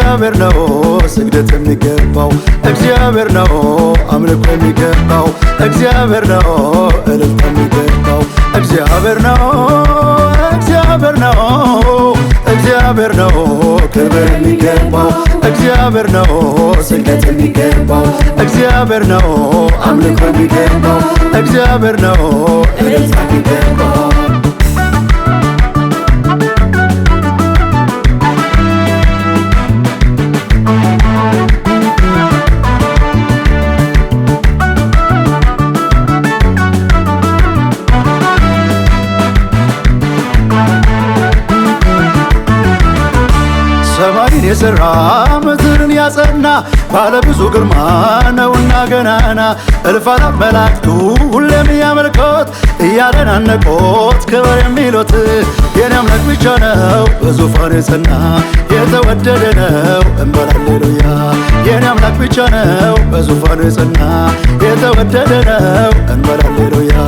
እግዚአብሔር ነው ስግደት የሚገባው፣ እግዚአብሔር ነው አምልኮ የሚገባው፣ እግዚአብሔር ነው እልልታ የሚገባው፣ እግዚአብሔር ነው እግዚአብሔር ነው እግዚአብሔር ነው ክብር የሚገባው፣ እግዚአብሔር ነው ስግደት የሚገባው፣ እግዚአብሔር ነው አምልኮ የሚገባው፣ እግዚአብሔር ነው እልልታ የሚገባው የሠራ ምድርን ያጸና ባለብዙ ግርማ ነውና ገናና እልፍ መላእክቱ ሁሌም ያመልኮት እያደናነቆት ክብር የሚሉት የኔ አምላክ ብቻ ነው በዙፋን የጸና የተወደደ ነው የኔ አምላክ ብቻ ነው በዙፋን የጸና የተወደደ ነው ሃሌሉያ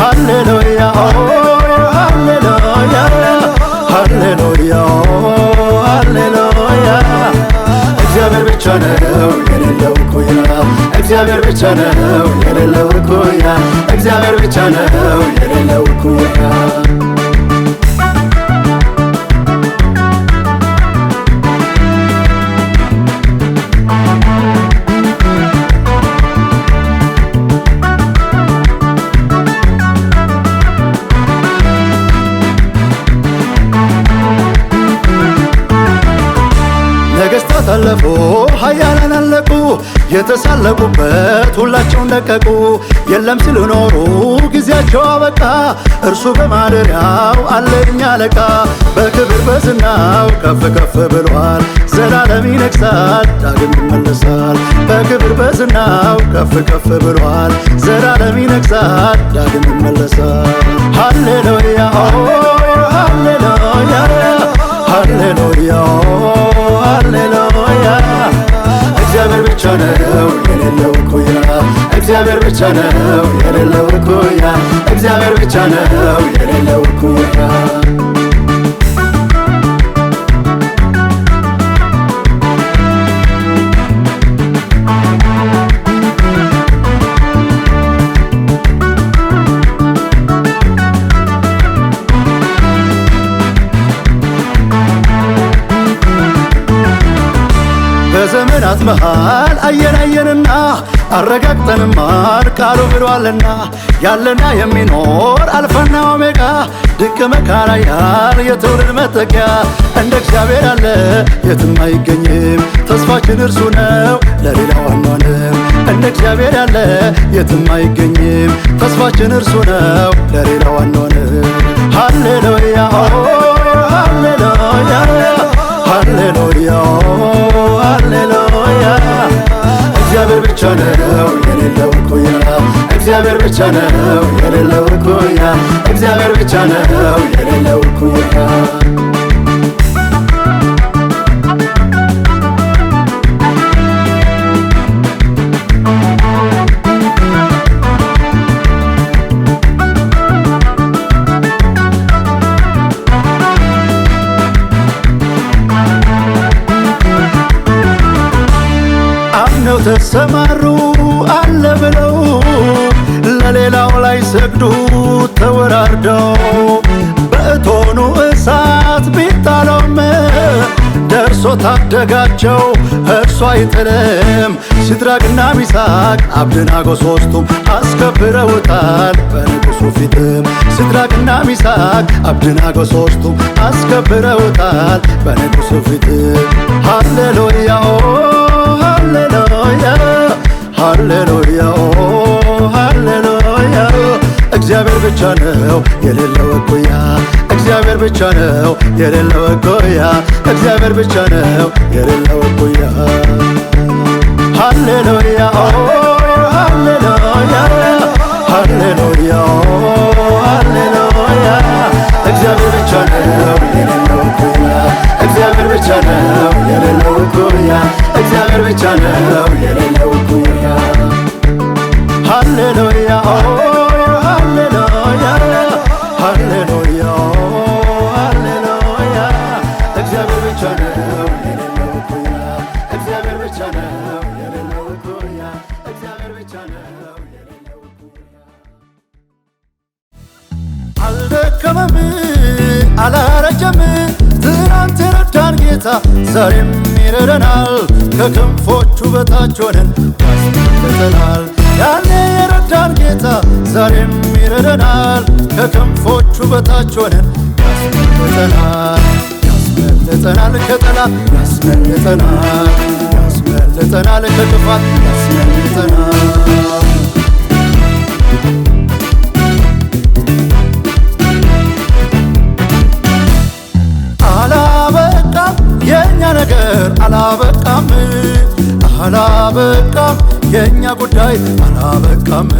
ሃሌሉያ ሃሌሉያ ብቻ ነው የሌለው እኩያ እግዚአብሔር ብቻ ነው የሌለው እኩያ ነገሥታት አለፉ ኃያላን አለቁ የተሳለቁበት ሁላቸውን ለቀቁ። የለም ሲሉ ኖሩ ጊዜያቸው አበቃ። እርሱ በማደሪያው አለኝ አለቃ። በክብር በዝናው ከፍ ከፍ ብሏል። ዘላለም ይነግሳል ዳግም ይመለሳል። በክብር በዝናው ከፍ ከፍ ብሏል። ዘላለም ይነግሳል ዳግም ይመለሳል። ሃሌሉያ ሃሌሉያ ሃሌሉያ እግዚአብሔር ብቻ ነው የሌለው ኩያ እግዚአብሔር ብቻ ነው የሌለው ኩያ እግዚአብሔር ብቻ ነው የሌለው ኩያ በቀናት መሃል አየን አየንና አረጋግጠን ማር ቃሉ ብሏልና ያለና የሚኖር አልፋና ኦሜጋ ድንቅ መካራያን የትውልድ መጠጊያ እንደ እግዚአብሔር ያለ የትም አይገኝም። ተስፋችን እርሱ ነው ለሌላው አንሆንም። እንደ እግዚአብሔር ያለ የትም አይገኝም። ተስፋችን እርሱ ነው ለሌላው አንሆንም። ሃሌሉያ ሃሌሉያ ሃሌሉያ ብቻ ነው የሌለው እኩያ እግዚአብሔር ብቻ ነው የሌለው እኩያ እግዚአብሔር ብቻ ነው የሌለው እኩያ ተሰማሩ አለ ብለው ለሌላው ላይ ሰግዱ ተወራርደው በእቶኑ እሳት ቢጣለውም ደርሶ ታደጋቸው እርሱ አይጥልም። ሲድራቅና ሚሳቅ አብደናጎ ሶስቱም አስከብረውታል በንጉሱ ፊትም ሲድራቅና ሚሳቅ አብደናጎ ሶስቱም አስከብረውታል በንጉሱ ፊትም ሃሌሉያ ብቻ ነው የሌለው እኩያ እግዚአብሔር ብቻ ነው የሌለው እኩያ። ሃሌሉያ እግዚአብሔር ብቻ ነው የሌለው እኩያ እግዚአብሔር ብቻ ነው የሌለው እኩያ እግዚአብሔር ብቻ ነው ብቻ ነው አልደከመም፣ አላረጀም። ትናንት ረዳን ጌታ ዛሬም ይረዳናል። ከክንፎቹ በታች ሆነን ያስመልጠናል። ያኔ የረዳን ጌታ ዛሬም ይረዳናል። ከክንፎቹ በታች ሆነን ያስመልጠናል። ያስመልጠናል ከጠላት ያስመልጠናል ያጋልጠናል፣ ከጥፋት ያስመልጠናል። አላበቃም የእኛ ነገር አላበቃም፣ አላበቃም የእኛ ጉዳይ አላበቃም።